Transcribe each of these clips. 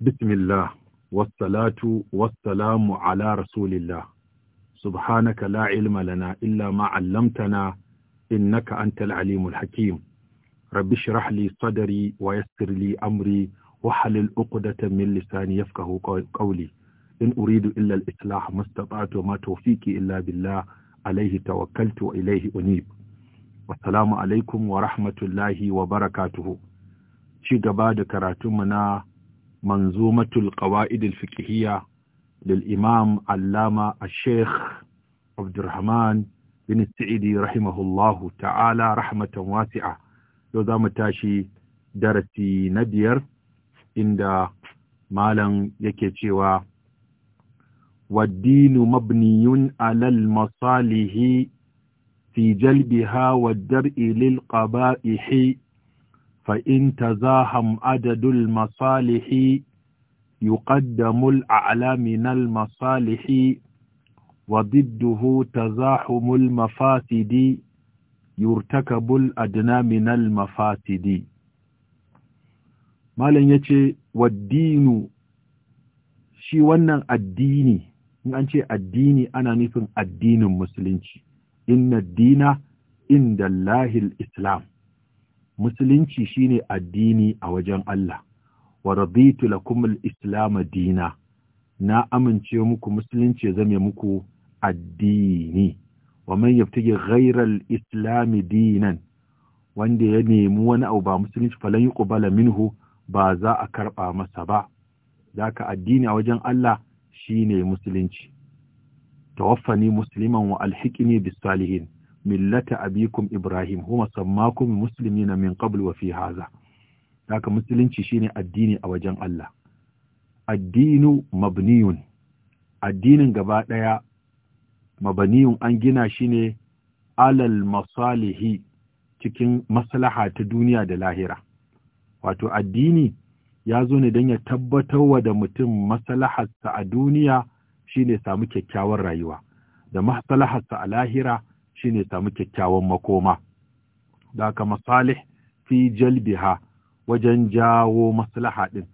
بسم الله والصلاة والسلام على رسول الله سبحانك لا علم لنا إلا ما علمتنا إنك أنت العليم الحكيم رب اشرح لي صدري ويسر لي أمري وحلل الأقدة من لساني يفقه قولي إن أريد إلا الإصلاح ما استطعت وما توفيقي إلا بالله عليه توكلت وإليه أنيب والسلام عليكم ورحمة الله وبركاته شي جباد كراتمنا منظومة القواعد الفقهية للإمام علامة الشيخ عبد الرحمن بن السعيدي رحمه الله تعالى رحمة واسعة لو ذا متاشي درسي ندير عند مالا يكيشيوا والدين مبني على المصالح في جلبها والدرء للقبائح فإن تزاحم عدد المصالح alaminal الأعلى من المصالح وضده تزاحم المفاسد يرتكب الأدنى من المفاسد malam ya ce waddinu shi wannan addini in an addini ana nufin addinin musulunci inna dina inda islam musulunci shine addini a wajen Allah wa raditu lakum al-islam dina na amince muku musulunci ya zame muku addini wa man yabtagi ghayra al-islam dinan wanda ya nemi wani abu ba musulunci falan yuqbala minhu ba za a karba masa ba zaka addini a wajen Allah shine musulunci tawaffani musliman wa alhiqni bis salihin millata abikum Ibrahim huma sammakum muslimina min qabl wa fi haza haka musulunci shine addini a wajen Allah addinu mabniyun addinin gaba daya mabaniyun an gina shi ne alal masalihi cikin maslaha ta duniya da lahira wato addini ya zo ne don ya tabbatar wa da mutum maslaharsa a duniya shine samu kyakkyawar rayuwa da maslaharsa a lahira Shin samu kyakkyawan makoma da aka masalih fi jalbiha wajen jawo maslaha din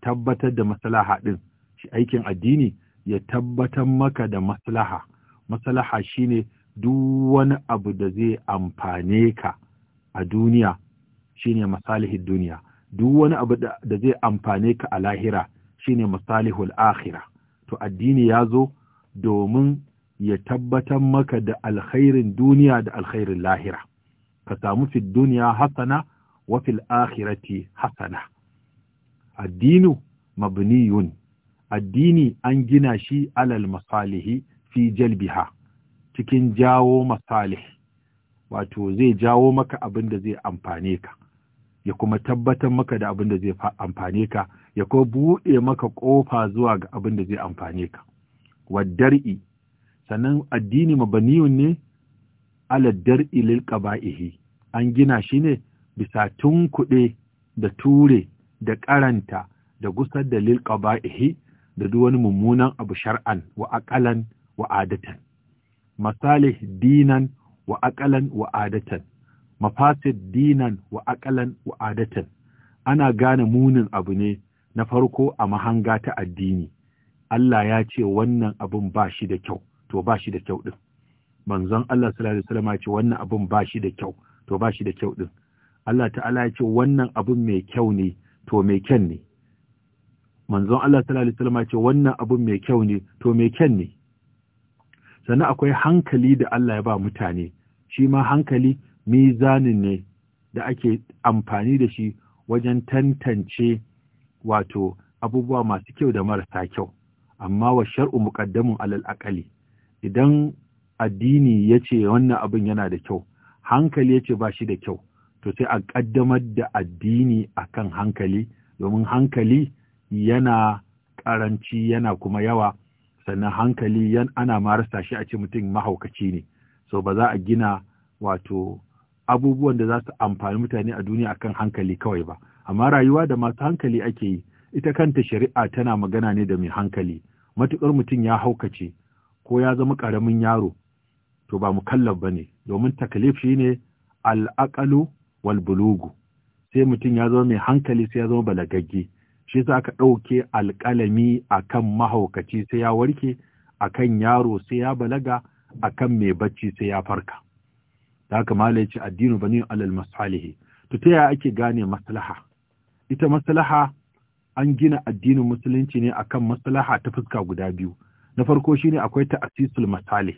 tabbatar da maslaha din shi aikin addini ya tabbatar maka da maslaha maslaha ne duk wani abu da zai amfane ka a duniya Shi ne masalihin duniya duk wani abu da zai amfane ka a lahira shine masalihul akhira to addini ya zo domin ya tabbatar maka da alkhairin duniya da alkhairin lahira ka samu fi duniya hasana wa fil akhirati hasana addinu mabniyun addini an gina shi alal masalihi fi jalbiha cikin jawo masalih wato zai jawo maka abin da zai amfane ka ya kuma tabbatar maka da abin da zai amfane ka ya kuma buɗe maka ƙofa zuwa ga abin da zai amfane ka waddar'i sannan addini mabaniyun ne Aladdar dar'i lil an gina shi ne bisa tun kuɗe da ture da karanta da gusar da lil qaba'ihi da duk wani mummunan abu shar'an wa aqalan wa adatan masalih dinan wa aqalan wa adatan mafasid dinan wa aqalan wa adatan ana gane munin abu ne na farko a mahanga ta addini Allah ya ce wannan abun ba shi da kyau to ba shi da kyau din manzon Allah sallallahu alaihi wasallam ya ce wannan abun ba shi da kyau to ba shi da kyau din Allah ta'ala ya ce wannan abun mai kyau ne to mai kyan ne manzon Allah sallallahu alaihi wasallam ya ce wannan abun mai kyau ne to mai kyan ne sannan akwai hankali da Allah ya ba mutane shi ma hankali mizanin ne da ake amfani da shi wajen tantance wato abubuwa masu kyau da marasa kyau amma wa shar'u muqaddamun alal aqali idan addini ya ce wannan abin yana da kyau hankali ya ce ba shi da kyau to sai a ƙaddamar da addini a kan hankali domin hankali yana ƙaranci yana kuma yawa sannan hankali yan ana marasa shi a ce mutum mahaukaci ne so ba za a gina wato abubuwan da za su amfani mutane a duniya akan hankali kawai ba amma rayuwa da masu hankali ake yi ita kanta shari'a tana magana ne da mai hankali Matuƙar mutum ya haukace ko ya zama ƙaramin yaro to ba mu mukallaf ba ne domin takalif shi ne al'aƙalu wal bulugu sai mutum ya zama mai hankali sai ya zama balagagge shi sa ka ɗauke alƙalami a kan mahaukaci sai ya warke a kan yaro sai ya balaga a kan mai bacci sai ya farka da haka malai ce addinu bani alal masalihi to ta yaya ake gane maslaha ita maslaha an gina addinin musulunci ne akan maslaha ta fuska guda biyu na farko shine akwai ta'asisul masali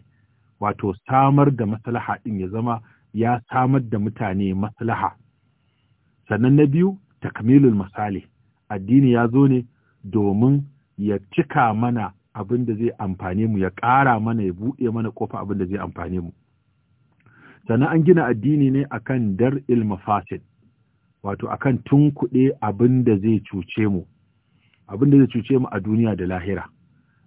wato samar da maslaha din ya zama ya samar da mutane maslaha sannan na biyu takmilul masali addini ya zo ne domin ya cika mana abin da zai amfane mu ya ƙara mana ya buɗe mana kofa abin da zai amfane mu sannan an gina addini ne akan dar ilmafasid wato akan tunkuɗe abin da zai cuce mu abin da zai cuce mu a duniya da lahira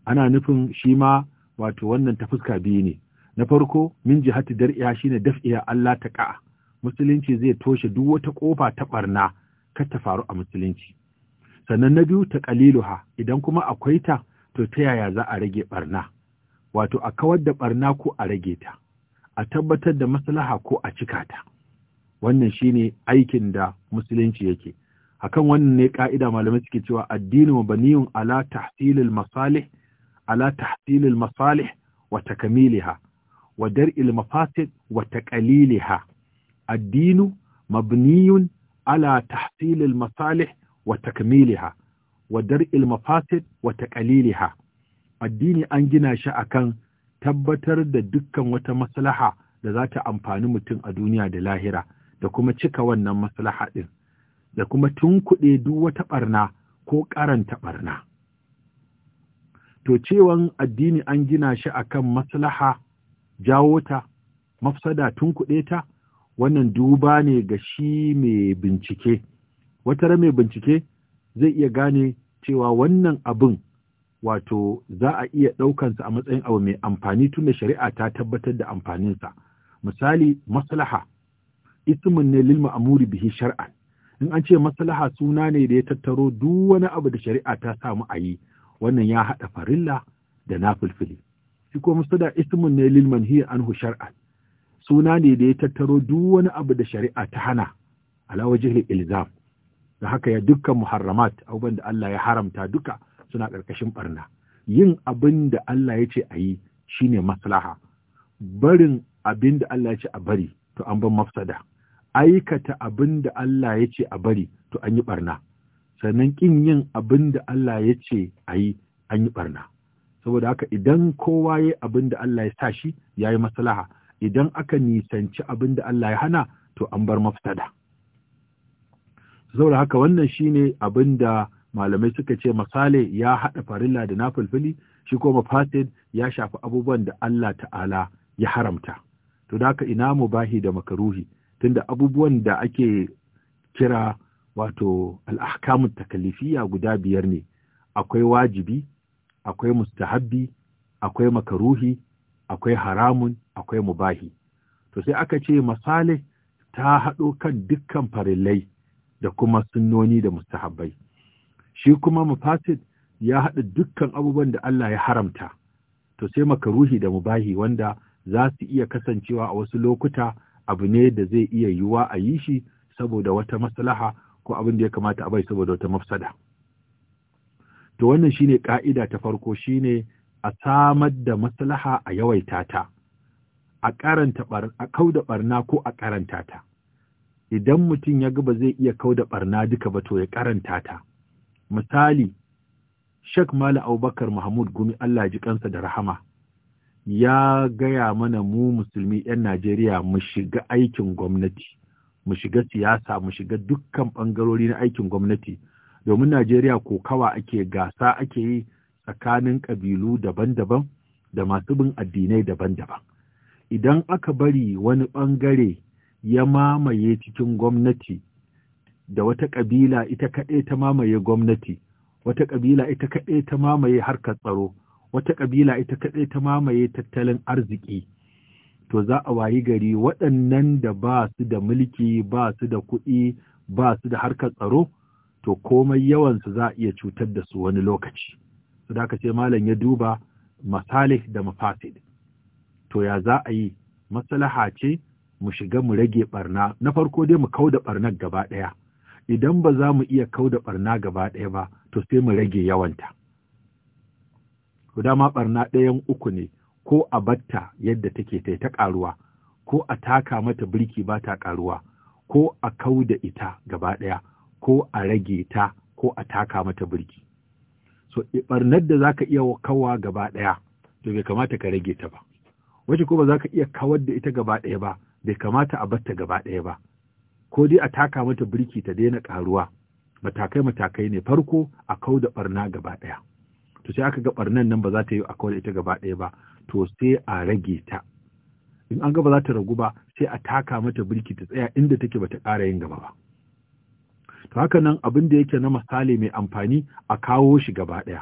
ana nufin shi ma wato wannan ta fuska biyu ne na farko min jihati dar'iya shine daf'iya Allah ta ka'a musulunci zai toshe duk wata ƙofa ta ɓarna kar ta faru a musulunci sannan na biyu ta qaliluha idan kuma akwai ta to ta yaya za a rage ɓarna? wato a kawar da ɓarna ko a rage ta a tabbatar da maslaha ko a cika ta wannan shine aikin da musulunci yake akan wannan ne ka'ida malamai suke cewa addinu baniyun ala tahsilil masalih ala tahsilil masalih wa takamiliha wa dar'il mafasid wa taqaliliha ad mabniyun ala tahsilil masalih wa takmiliha wa dar'il wa taqaliliha addini an gina shi akan tabbatar da dukkan wata maslaha da za ta amfani mutum a duniya da lahira da kuma cika wannan maslaha ɗin, da kuma tun duk wata barna ko ƙaranta ɓarna. to cewan addini an gina shi akan maslaha jawo ta mafsada tun kuɗe ta wannan duba ne ga shi mai bincike wata mai bincike zai iya gane cewa wannan abin wato za a iya ɗaukansa a matsayin abu mai amfani tun shari'a ta tabbatar da amfaninsa misali maslaha ismin ne lil ma'muri bihi shar'an in an ce maslaha suna ne da ya tattaro duk wani abu da shari'a ta samu a yi wannan ya haɗa farilla da na shi ko mustada ismun ne hiya an anhu shar'a. suna ne da ya tattaro duk wani abu da shari'a ta hana ala wajhil ilzam da haka ya duka muharramat abubuwan da Allah ya haramta duka suna ƙarƙashin ɓarna. yin abin da Allah ya ce a yi shine maslaha barin abin da Allah ya ce a bari to an ban mafsada aikata abin da Allah ya ce a bari to an yi ɓarna. sannan ƙin yin abin da Allah ya ce a yi an yi ɓarna. Saboda haka idan kowa ya abin da Allah ya sa shi ya yi maslaha, idan aka nisanci abin da Allah ya hana to an bar mafsada. Saboda haka wannan shi ne abin da malamai suka ce masale ya haɗa farilla da na fulfili shi kuma fasid ya shafi abubuwan da Allah ta'ala ya haramta. To da haka ina mubahi da makaruhi tunda abubuwan da ake kira wato al'ahkamun takalifiya guda biyar ne akwai wajibi akwai mustahabbi akwai makaruhi akwai haramun akwai mubahi to sai aka ce masale ta haɗo kan dukkan farillai da kuma sunnoni da mustahabbai shi kuma mafasid ya haɗa dukkan abubuwan da Allah ya haramta to sai makaruhi da mubahi wanda za su iya kasancewa a wasu lokuta abu ne da zai iya yiwuwa a yi shi saboda wata maslaha ko abin da ya kamata a bai saboda wata mafsada to wannan shine ka'ida ta farko shine a samar da maslaha a yawaita ta a karanta a kauda barna ko a karanta ta idan mutum ya ga ba zai iya kauda ɓarna duka ba to ya karanta ta misali Sheikh Mala Abubakar Mahmud Gumi Allah ji kansa da rahama ya gaya mana mu musulmi 'yan Najeriya mu shiga aikin gwamnati mu shiga siyasa mu shiga dukkan ɓangarori na aikin gwamnati domin Najeriya kokawa ake gasa ake yi tsakanin ƙabilu daban-daban da masu bin addinai daban-daban. Idan aka bari wani ɓangare ya mamaye cikin gwamnati da wata ƙabila ita kaɗai ta mamaye gwamnati, wata ƙabila ita kaɗai ta mamaye harkar tsaro, wata ƙabila ita kaɗai ta mamaye tattalin arziki, to za a wayi gari waɗannan da ba su da mulki ba su da kuɗi ba su da harkar tsaro to komai yawansu za a iya cutar da su wani lokaci su da aka ce malam ya duba masalih da mafasid to ya za a yi maslaha ce mu shiga mu rage barna na farko dai mu kauda barna gaba ɗaya idan ba za mu iya kau da barna gaba ɗaya ba to sai mu rage yawanta to dama barna ɗayan uku ne ko a batta yadda take ta ta ƙaruwa ko a taka mata birki ba ta ƙaruwa ko a kau da ita gaba ɗaya ko a rage ta ko a taka mata birki so ɓarnar da za ka iya kawa gaba ɗaya to bai kamata ka rage ta ba wacce ko ba za ka iya kawar da ita gaba ɗaya ba bai kamata a batta gaba ɗaya ba ko dai a taka mata birki ta daina ƙaruwa matakai matakai ne farko a kau da ɓarna gaba ɗaya to sai aka ga ɓarnan nan ba za ta yi a kau da ita gaba ɗaya ba to sai a rage ta in an gaba za ta ragu ba sai a taka mata birki ta tsaya inda take bata ƙara yin gaba ba to haka nan abin da yake na misali mai amfani a kawo shi gaba ɗaya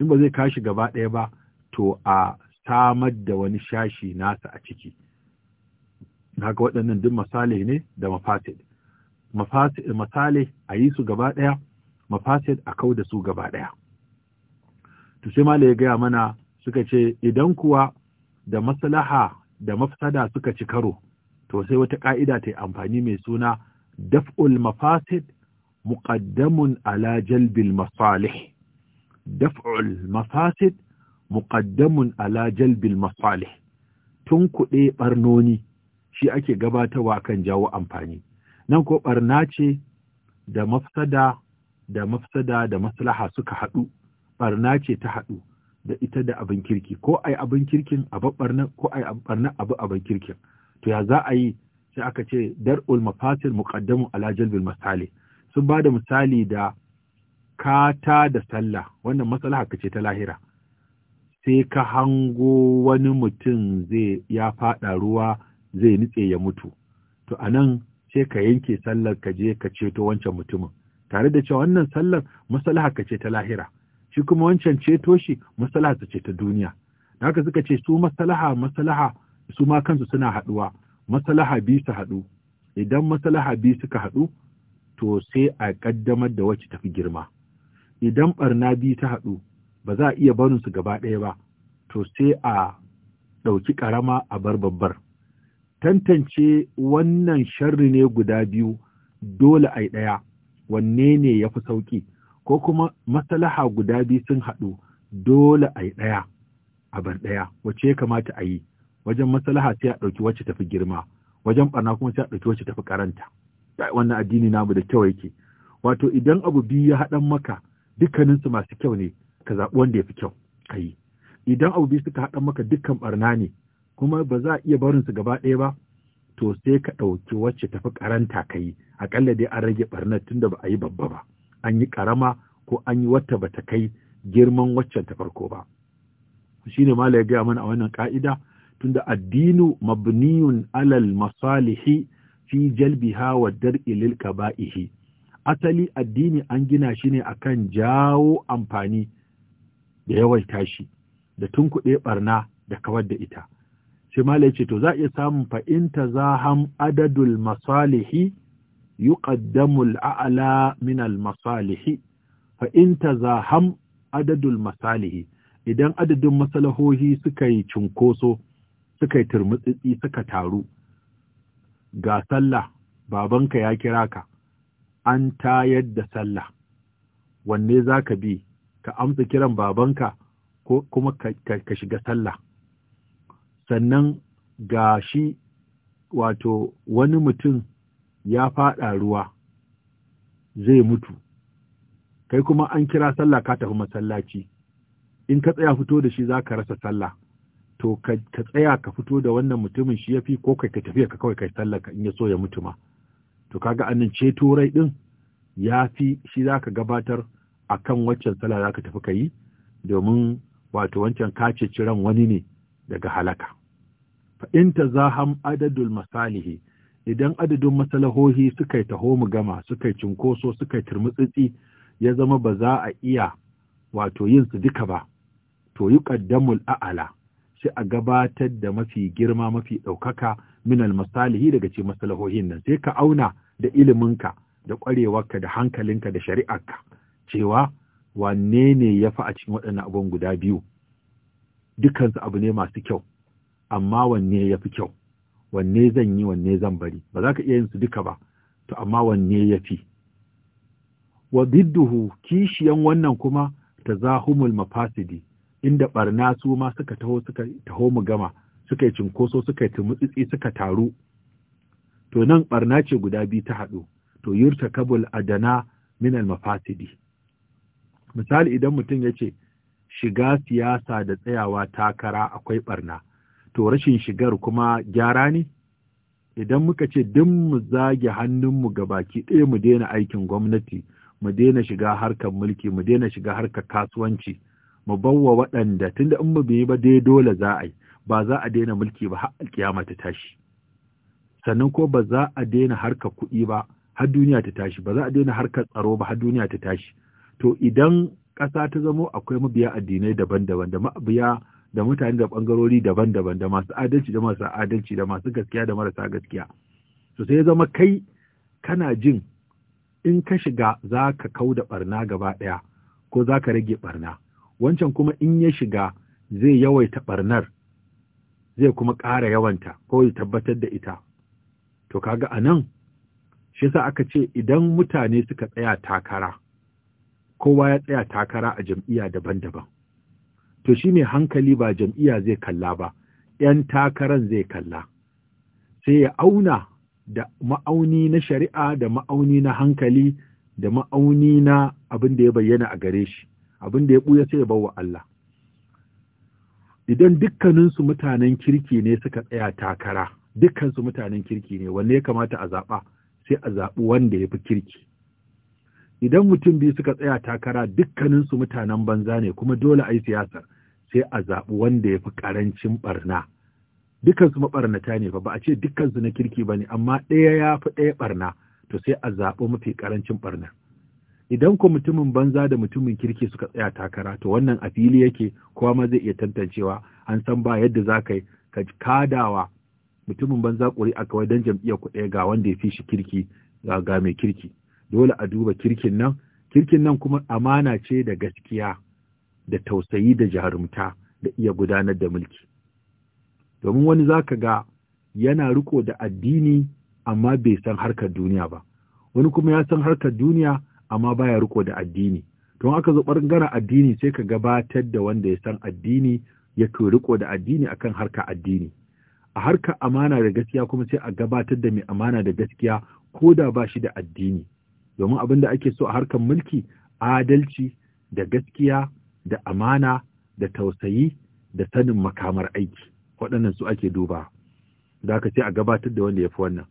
in ba zai kawo shi gaba ɗaya ba to a samar da wani shashi nasa a ciki haka waɗannan duk misali ne da mafasid misali a yi su gaba ɗaya mafasid a kau da su gaba ɗaya to sai ma ya gaya mana suka ce idan kuwa da maslaha da mafsada suka ci karo to sai wata ka'ida ta amfani mai suna daf'ul mafasid muqaddamun ala jalbil masalih daf'ul mafasid muqaddamun ala jalbil masalih tun kuɗe barnoni shi ake gabatarwa kan jawo amfani nan ko barna ce da mafsada da mafsada da maslaha suka haɗu barna ce ta haɗu da ita da abin kirki ko ai abin kirkin a babbarna ko ai babbarna abu abin kirkin to ya za a yi sai aka ce dar'ul mafasil muqaddamu ala jalbil masali sun ba da misali da kata da sallah wannan masalaha kace ta lahira sai ka hango wani mutum zai ya fada ruwa zai nitse ya mutu to anan sai ka yanke sallar ka je ka ceto wancan mutumin tare da cewa wannan sallar masalaha kace ta lahira shi kuma wancan ceto shi masalaha ta ce ta duniya Da haka suka ce su masalaha masalaha. su ma kansu suna haɗuwa Masalaha bi su haɗu idan masalaha bi suka haɗu to sai a ƙaddamar da wacce tafi girma idan ɓarna bi ta haɗu ba za a iya barin su gaba ɗaya ba to sai a ɗauki ƙarama a bar babbar tantance wannan sharri ne guda biyu dole a ɗaya wanne ne ya fi sauƙi ko kuma masalaha guda biyu sun haɗu dole a yi ɗaya a bar ɗaya wacce ya kamata a yi wajen masalaha sai a ɗauki wacce tafi girma wajen ɓarna kuma sai a ɗauki wacce tafi karanta wannan addini namu da kyau yake wato idan abu biyu ya haɗan maka dukkaninsu masu kyau ne ka zaɓi wanda ya fi kyau ka yi idan abu biyu suka haɗan maka dukkan ɓarna ne kuma ba za a iya barin su gaba ɗaya ba to sai ka ɗauki wacce tafi karanta ka yi aƙalla dai an rage ɓarnar tunda ba a yi babba ba. an yi ƙarama ko an yi wata bata kai girman waccan ta farko ba shi ne ya gaya mana a wannan ƙa'ida tunda addinu mabniyun alal masalihi fi jalbiha wa dar lil asali addini an gina shi ne akan jawo amfani da yawan tashi, da tun kuɗe ɓarna da kawar da ita sai ya ce to za a iya samun fa'inta zaham adadul masalihi Yi ƙaddamul min al-masalih fa in tazaham adadul masalih idan adadin masalahohi suka yi cunkoso suka yi turmutsitsi suka taru ga sallah babanka ya kira ka an tayar da sallah wanne za ka bi ka amsa kiran babanka ko kuma ka shiga sallah sannan ga shi wato wani mutum ya faɗa ruwa zai mutu kai kuma an kira sallah ka tafi masallaci in ka tsaya fito da shi za ka rasa sallah to ka tsaya ka fito da wannan mutumin shi ya fi ko kai ka tafiya ka kawai kai sallah in ya so ya mutu ma to kaga annan ceto rai din ya fi shi za ka gabatar a kan waccan sallah za ka tafi ka yi domin wato wancan kace ciran wani ne daga halaka fa in tazaham adadul masalihi idan adadin masalahohi suka yi taho mu gama suka yi cinkoso suka yi turmutsitsi ya zama ba za a iya wato yin su duka ba to yi qaddamul a'ala sai a gabatar da mafi girma mafi ɗaukaka min almasalihi daga ce masalahohin nan sai ka auna da iliminka da ƙwarewarka da hankalinka da shari'arka cewa wanne ne ya fi a cikin waɗannan abin guda biyu dukansu abu ne masu kyau amma wanne ya fi kyau wanne zan yi wanne zan bari ba za ka iya yin su duka ba to amma wanne ya fi wa bidduhu kishiyan wannan kuma ta zahumul mafasidi inda barna su ma suka taho suka taho mu gama suka yi cinkoso suka yi tumutsitsi suka taru to nan barna ce guda biyu ta haɗu to yurta kabul adana min al mafasidi misali idan mutum ya ce shiga siyasa da tsayawa takara akwai barna to rashin shigar kuma gyara ne idan muka ce duk mu zage hannunmu ga baki ɗaya mu daina aikin gwamnati mu daina shiga harkar mulki mu daina shiga harkar kasuwanci mu bawa waɗanda tunda in mu yi ba dai dole za a yi ba za a daina mulki ba har alƙiyama ta tashi sannan ko ba za a daina harkar kuɗi ba har duniya ta tashi ba za a daina harkar tsaro ba har duniya ta tashi to idan ƙasa ta zamo akwai mabiya addinai daban-daban da mabiya da mutane da ɓangarori daban-daban da masu adalci da masu adalci da masu gaskiya da marasa gaskiya to sai ya zama kai kana jin in ka shiga za ka kau da ɓarna gaba ɗaya ko za ka rage ɓarna. wancan kuma in ya shiga zai yawaita ɓarnar zai kuma ƙara yawanta ko ya tabbatar da ita to kaga a nan shi sa aka ce idan mutane suka tsaya takara kowa ya tsaya takara a jam'iyya daban-daban to shi ne hankali ba jam'iyya zai kalla ba ‘yan takaran zai kalla sai ya auna da ma'auni na shari'a da ma'auni na hankali da ma'auni na abin da ya bayyana a gare shi abin da ya ɓuya sai ya bawa Allah idan dukkaninsu mutanen kirki ne suka tsaya takara dukkansu mutanen kirki ne wanne ya kamata a zaɓa sai a zaɓi wanda ya fi kirki idan mutum biyu suka tsaya takara dukkaninsu mutanen banza ne kuma dole a yi siyasar sai a zaɓi wanda ya fi ƙarancin ɓarna. Dukansu maɓarnata ne fa ba a ce dukansu na kirki ba ne, amma ɗaya ya fi ɗaya ɓarna, to sai a zaɓi mafi ƙarancin ɓarnar. Idan ko mutumin banza da mutumin kirki suka tsaya takara, to wannan a fili yake kowa ma zai iya tantancewa, an san ba yadda za ka yi, ka kadawa mutumin banza ƙuri a kawai don jam'iyyar ku ga wanda ya fi shi kirki ga mai kirki. Dole a duba kirkin nan, kirkin nan kuma amana ce da gaskiya. da tausayi da jarumta da iya gudanar da mulki domin wani za ka ga yana riko da addini amma bai san harkar duniya ba wani kuma ya san harkar duniya amma baya riko da addini don aka zo ɓangaren addini sai ka gabatar da wanda ya san addini ya riko da addini akan harkar addini a harkar amana da gaskiya kuma sai a gabatar da mai amana da gaskiya ko da ba shi da addini domin abin da ake so a harkar mulki adalci da gaskiya da amana da tausayi da sanin makamar aiki waɗannan su ake duba da aka ce a gabatar da wanda ya fi wannan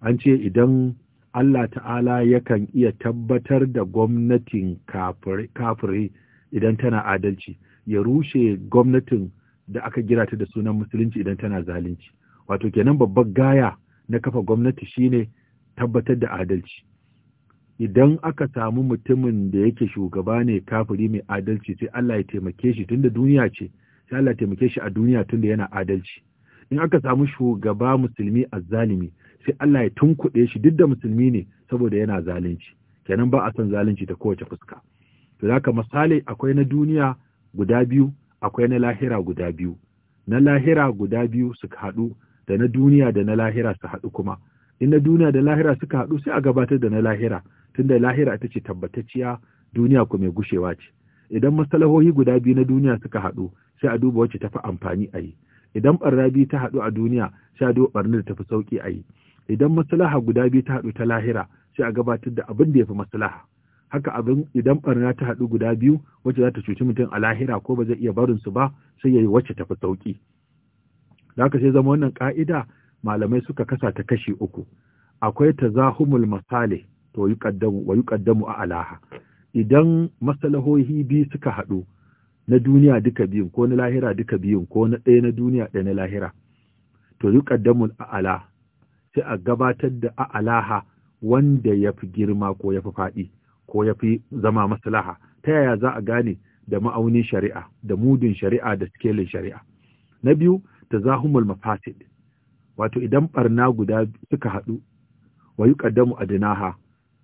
an ce idan Allah ta'ala yakan iya tabbatar da gwamnatin kafiri idan tana adalci ya rushe gwamnatin da aka gira ta da sunan musulunci idan tana zalunci wato kenan babbar gaya na kafa gwamnati shine tabbatar da adalci idan aka samu mutumin da yake shugaba ne kafiri mai adalci sai Allah ya taimake shi tunda duniya ce sai Allah ya taimake shi a duniya tunda yana adalci in aka samu shugaba musulmi azzalimi sai Allah ya tunkuɗe shi duk da musulmi ne saboda yana zalunci kenan ba a son zalunci ta kowace fuska to zaka misali akwai na duniya guda biyu akwai na lahira guda biyu na lahira guda biyu su haɗu da na duniya da na lahira su haɗu kuma in na duniya da lahira suka haɗu sai a gabatar da na lahira tunda lahira ita ce tabbatacciya duniya ko mai gushewa ce idan masalahohi guda biyu na duniya suka haɗu sai a duba wacce tafi amfani a yi idan ɓarna biyu ta haɗu a duniya sai a duba ɓarnar da tafi sauƙi a yi idan maslaha guda biyu ta haɗu ta lahira sai a gabatar da abin da ya fi maslaha haka abin idan ɓarna ta haɗu guda biyu wacce za ta cuci mutum a lahira ko ba zai iya barinsu ba sai ya yi wacce tafi sauƙi. Da haka sai zama wannan ƙa'ida malamai suka kasa ta kashi uku akwai ta zahumul masale to yuqaddamu wa a alaha idan masalahohi biyu suka haɗu na duniya duka biyun ko na lahira duka biyun ko na ɗaya na duniya ɗaya na lahira to a ala sai a gabatar da a alaha wanda ya fi girma ko ya fi faɗi ko ya fi zama masalaha ta yaya za a gane da ma'aunin shari'a da mudin shari'a da sikelin shari'a na biyu ta zahumul mafasid wato idan barna guda suka haɗu wa yuqaddamu adnaha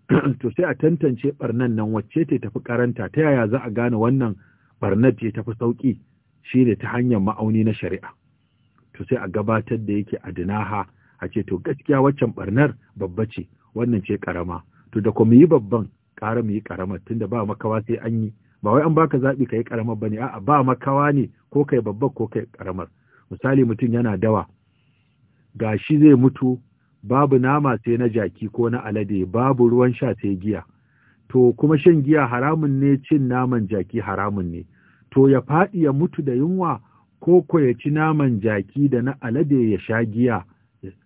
to sai a tantance barnan nan wacce ta tafi karanta ta yaya za a gane wannan barnar ta tafi sauki shine ta hanyar ma'auni na shari'a to sai a gabatar da yake adnaha a ce to gaskiya waccan barnar babba ce wannan ce karama to da kuma yi babban ƙara mu yi karamar tunda ba makawa sai an yi ba wai an baka zaɓi ka yi karamar ne. a'a ba makawa ne ko kai babba ko kai karamar misali mutum yana dawa Ga shi zai mutu babu nama sai na jaki ko na alade babu ruwan sha sai giya to kuma shan giya haramun ne cin naman jaki haramun ne to ya faɗi ya mutu da yunwa ko ko ya ci naman jaki da na alade ya sha giya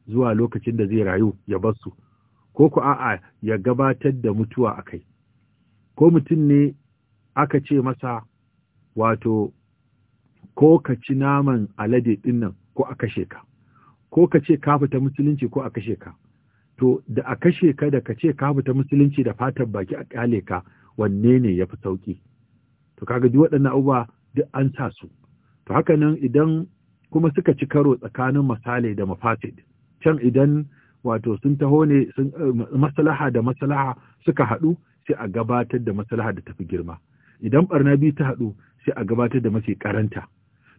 zuwa lokacin da zai rayu ya basu ko ko a'a ya gabatar da mutuwa akai ko mutum ne aka ce masa wato ko ka ci naman alade ɗinnan ko aka sheka? ka ko ka ce ka fita musulunci ko a kashe ka to da a kashe ka da ka ce ka fita musulunci da fatar baki a kyale ka wanne ne ya fi sauki to kaga duk waɗannan abubuwa duk an sa su to haka nan idan kuma suka ci karo tsakanin masale da mafasid can idan wato sun taho ne eh, maslaha da maslaha suka haɗu sai a gabatar da maslaha da tafi girma idan ɓarna biyu ta haɗu sai a gabatar da mafi karanta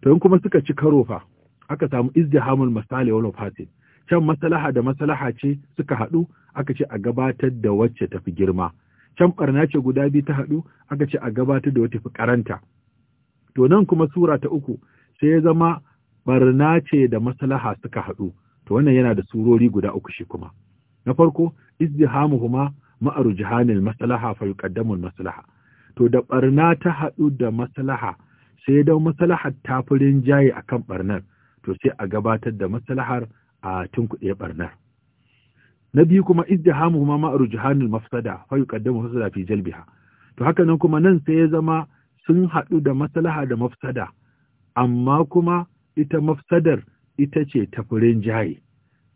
to in kuma suka ci karo fa aka samu izdihamul masali wal fatin can masalaha da maslaha ce suka haɗu aka ce a gabatar da wacce tafi girma can barna ce guda biyu ta haɗu aka ce a gabatar da wacce fi karanta to nan kuma sura ta uku sai ya zama barna ce da maslaha suka hadu to wannan yana da surori guda uku shi kuma na farko izdihamuhuma ma'aru jihanil maslaha fa yuqaddamu maslaha to da barna ta haɗu da maslaha sai dan maslahar ta furin jaye akan barnar to sai a gabatar da maslahar a tunkuɗe barnar na biyu kuma izdihamu ma ma'aru jihanul mafsada fa yuqaddamu mafsada fi jalbiha to haka nan kuma nan sai ya zama sun haɗu da maslaha da mafsada amma kuma ita mafsadar ita ce tafurin jaye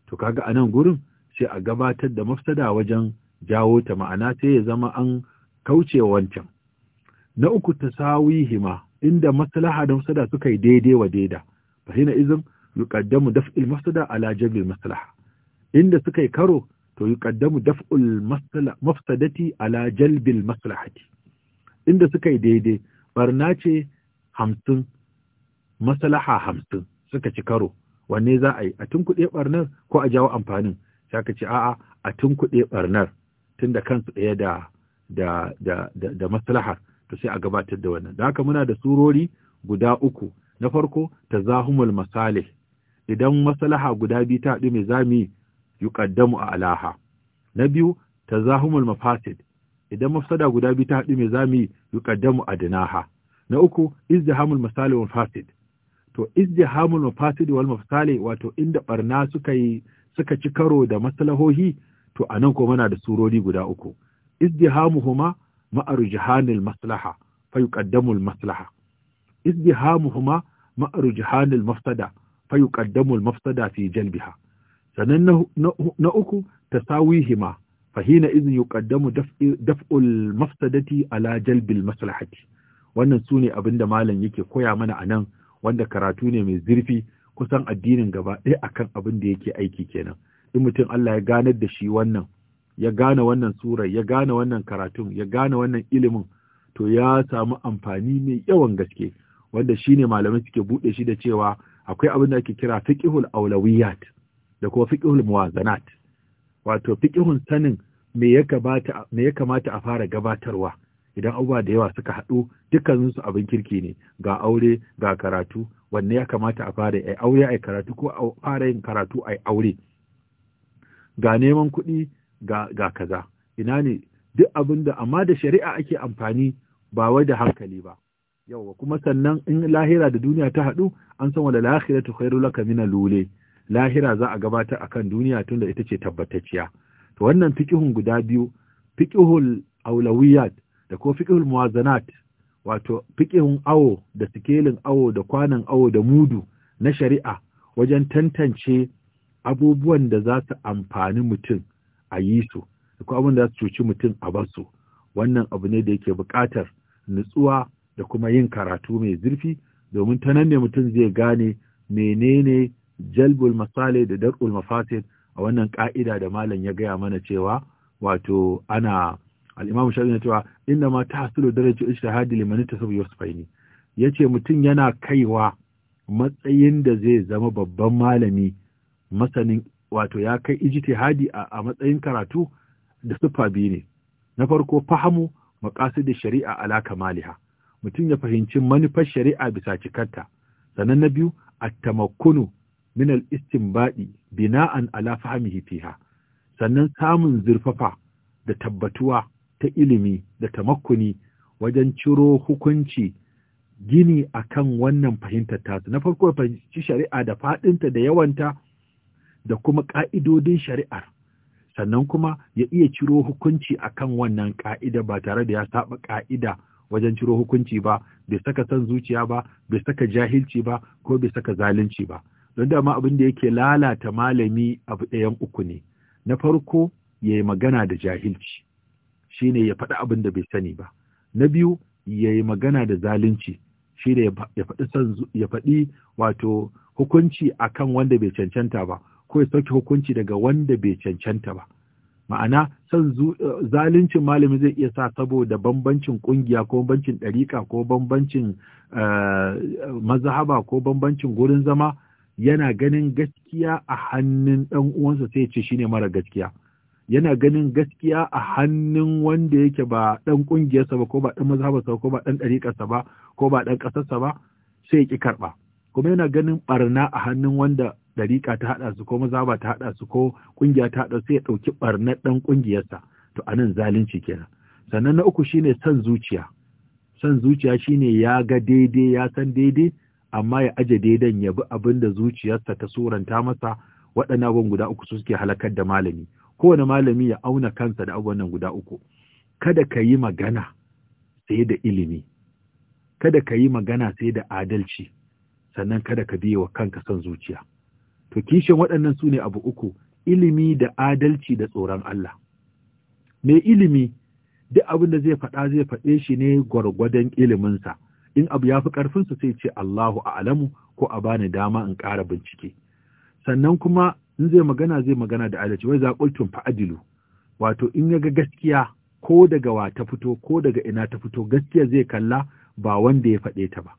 to kaga anan gurin sai a gabatar da mafsada wajen jawo ta ma'ana sai ya zama an kauce wancan na uku tasawihima inda maslaha da mafsada suka yi daidai wa daidai. fa hina izin yuqaddamu daf'il mafsada ala jalbil maslaha inda suka yi karo to yuqaddamu daf'ul mafsadati ala jalbil maslahati inda suka yi daidai barna ce hamsin maslaha hamsin suka ci karo wanne za a yi a tunkuɗe barnar ko a jawo amfanin sai ka ce a'a a tunkuɗe barnar tunda kansu ɗaya da da maslahar to sai a gabatar da wannan da haka muna da surori guda uku na farko ta tazahumul masalih idan maslaha guda biyu ta haɗu mai zami yuqaddamu a alaha na biyu ta tazahumul mafasid idan mafsada guda biyu ta haɗu mai zami yuqaddamu adnaha na uku izdihamul masalih wal fasid to izdihamul mafasid wal mafasalih wato inda ɓarna suka yi suka ci karo da maslahohi to anan ko muna da surori guda uku izdihamuhuma ma'arjihanil maslaha fa yuqaddamul maslaha izdihamuhuma ma rujhanil mafsada fa yuqaddamu al mafsada fi jalbiha sanan na uku tasawihima fahina izin yuqaddamu daf'ul mafsadati ala jalbil maslahati wannan sune abin da malam yake koya mana a nan, wanda karatu ne mai zurfi kusan addinin gaba ɗaya akan abinda yake aiki kenan in mutum Allah ya ganar da shi wannan ya gane wannan surai, ya gane wannan karatun ya gane wannan ilimin to ya samu amfani mai yawan gaske wanda shine malamai suke buɗe shi da cewa akwai abin da ake kira fiqhul aulawiyat da kuma fiqhul muwazanat wato fiqhun sanin me ya kamata a fara gabatarwa idan abubuwa da yawa suka haɗu dukkaninsu abin kirki ne ga aure ga karatu wanne ya kamata a fara ai aure ai karatu ko a fara yin karatu ai aure ga neman kuɗi ga ga kaza ina ne duk abin da amma da shari'a ake amfani ba wai da hankali ba yawa kuma sannan in lahira da duniya ta haɗu an san wala ta khairu laka min lule lahira za a gabatar akan duniya tunda ita ce tabbatacciya to wannan fiqhun guda biyu fiqhul aulawiyat da ko fiqhul muwazanat wato fiqhun awo da sikelin awo da kwanan awo da mudu na shari'a wajen tantance abubuwan da za su amfani mutum a yi su da abin da za su cuci mutum a basu wannan abu ne da yake buƙatar nutsuwa da kuma yin karatu mai zurfi domin ta nan ne mutum zai gane menene jalbul masale da dar'ul mafasid a wannan ka'ida da malam ya gaya mana cewa wato ana al'imam imam shafi'i cewa inda ma tahsulu darajatu ijtihadi liman tasawwa Ya ce mutum yana kaiwa matsayin da zai zama babban malami masanin wato ya kai hadi a matsayin karatu da siffa biyu ne na farko fahamu da shari'a ala kamaliha mutum ya fahimci manufar shari'a bisa cikarta sannan na biyu a tamakunu minal istinbadi bina'an ala fiha sannan samun zurfafa da tabbatuwa ta ilimi da tamakuni wajen ciro hukunci gini akan wannan fahimtar tasu na farko fahimci shari'a da faɗinta da yawanta da kuma ƙa'idodin shari'ar sannan kuma ya iya ciro hukunci akan wannan ƙa'ida ba tare da ya saba ƙa'ida wajen ciro hukunci ba bai saka son zuciya ba bai saka jahilci ba ko bai saka zalunci ba don dama abin da yake lalata malami abu ɗayan uku ne na farko ya yi magana da jahilci shine ya faɗi abin da bai sani ba na biyu ya yi magana da zalunci shi ne ya faɗi wato hukunci akan wanda bai cancanta ba ko ya sauke hukunci daga wanda bai cancanta ba ma'ana son eh, zaluncin malami zai iya sa saboda bambancin kungiya ko bambancin ɗariƙa ko bambancin eh, mazhaba ko bambancin gurin zama yana ganin gaskiya a hannun ɗan uwansa sai ce shine mara gaskiya yana ganin gaskiya a hannun wanda yake ba ɗan ƙungiyarsa ba ko ba ɗan mazhabarsa ko ba ɗan ɗariƙarsa ba ko ba ɗan ƙasarsa ba sai ya ƙi karɓa kuma yana ganin ɓarna a hannun wanda ɗariƙa ta haɗa su ko ba ta haɗa su ko ƙungiya ta haɗa su ya ɗauki ɓarnar ɗan ƙungiyarsa to anan zalunci kenan sannan na uku shine son zuciya son zuciya shine ya ga daidai ya san daidai amma ya aje daidan ya bi abin da zuciyarsa ta suranta masa waɗannan abubuwan guda uku su suke halakar da malami kowane malami ya auna kansa da abubuwan nan guda uku kada ka yi magana sai da ilimi kada ka yi magana sai da adalci sannan kada ka biye wa kanka son zuciya to kishin waɗannan su ne abu uku ilimi da adalci da tsoron Allah Me ilimi duk abin da zai faɗa zai faɗe shi ne gwargwadon iliminsa in abu ya fi ƙarfinsa sai ce Allahu a'lamu ko a bani dama in ƙara bincike sannan kuma in zai magana zai magana da adalci wai zaƙultun fa'adilu wato in ya ga gaskiya ko daga wa ta fito ko daga ina ta fito gaskiya zai kalla ba wanda ya faɗe ta ba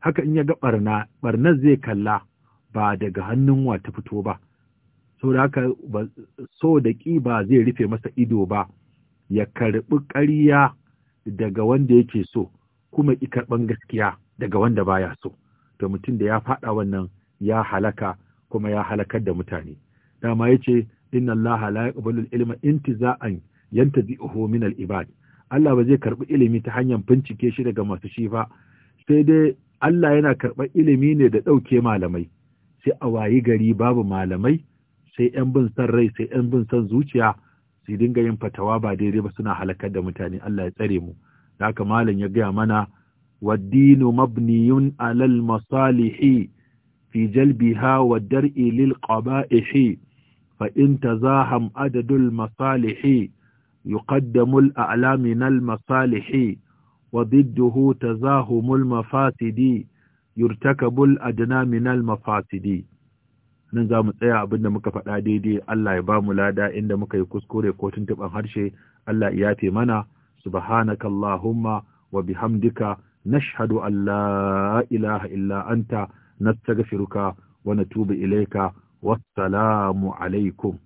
haka in ya ga barna barnar zai kalla ba daga hannun wa ta fito ba saboda haka so da ƙi ba zai rufe masa ido ba ya karɓi ƙarya daga wanda yake so kuma ƙi karɓan gaskiya daga wanda baya so to mutum da ya faɗa wannan ya halaka kuma ya halakar da mutane dama ya ce, inna Allah la yaqbalu al yanta zi yantazi'uhu min al'ibad. Allah ba zai karɓi ilimi ta hanyar bincike shi daga masu shi ba sai dai Allah yana karɓar ilimi ne da ɗauke malamai sai a wayi gari babu malamai sai 'yan bin son rai sai 'yan bin son zuciya su dinga yin fatawa ba daidai ba suna halakar da mutane Allah ya tsare mu da haka malam ya gaya mana waddinu mabniyun alal masalihi fi jalbiha wa dar'i lil qaba'ihi fa in tazaham adadul masalihi yuqaddamu al a'la min al masalihi wa ضده تزاحم المفاسد yurtakabul adna minal mafasidi nan za mu tsaya da muka faɗa daidai Allah ya ba mu lada inda muka yi kuskure ko tuntuɓan harshe Allah ya yafe mana subhanaka allahumma wa bihamdika nashhadu an la ilaha illa anta nastaghfiruka wa natubu ilayka wassalamu alaikum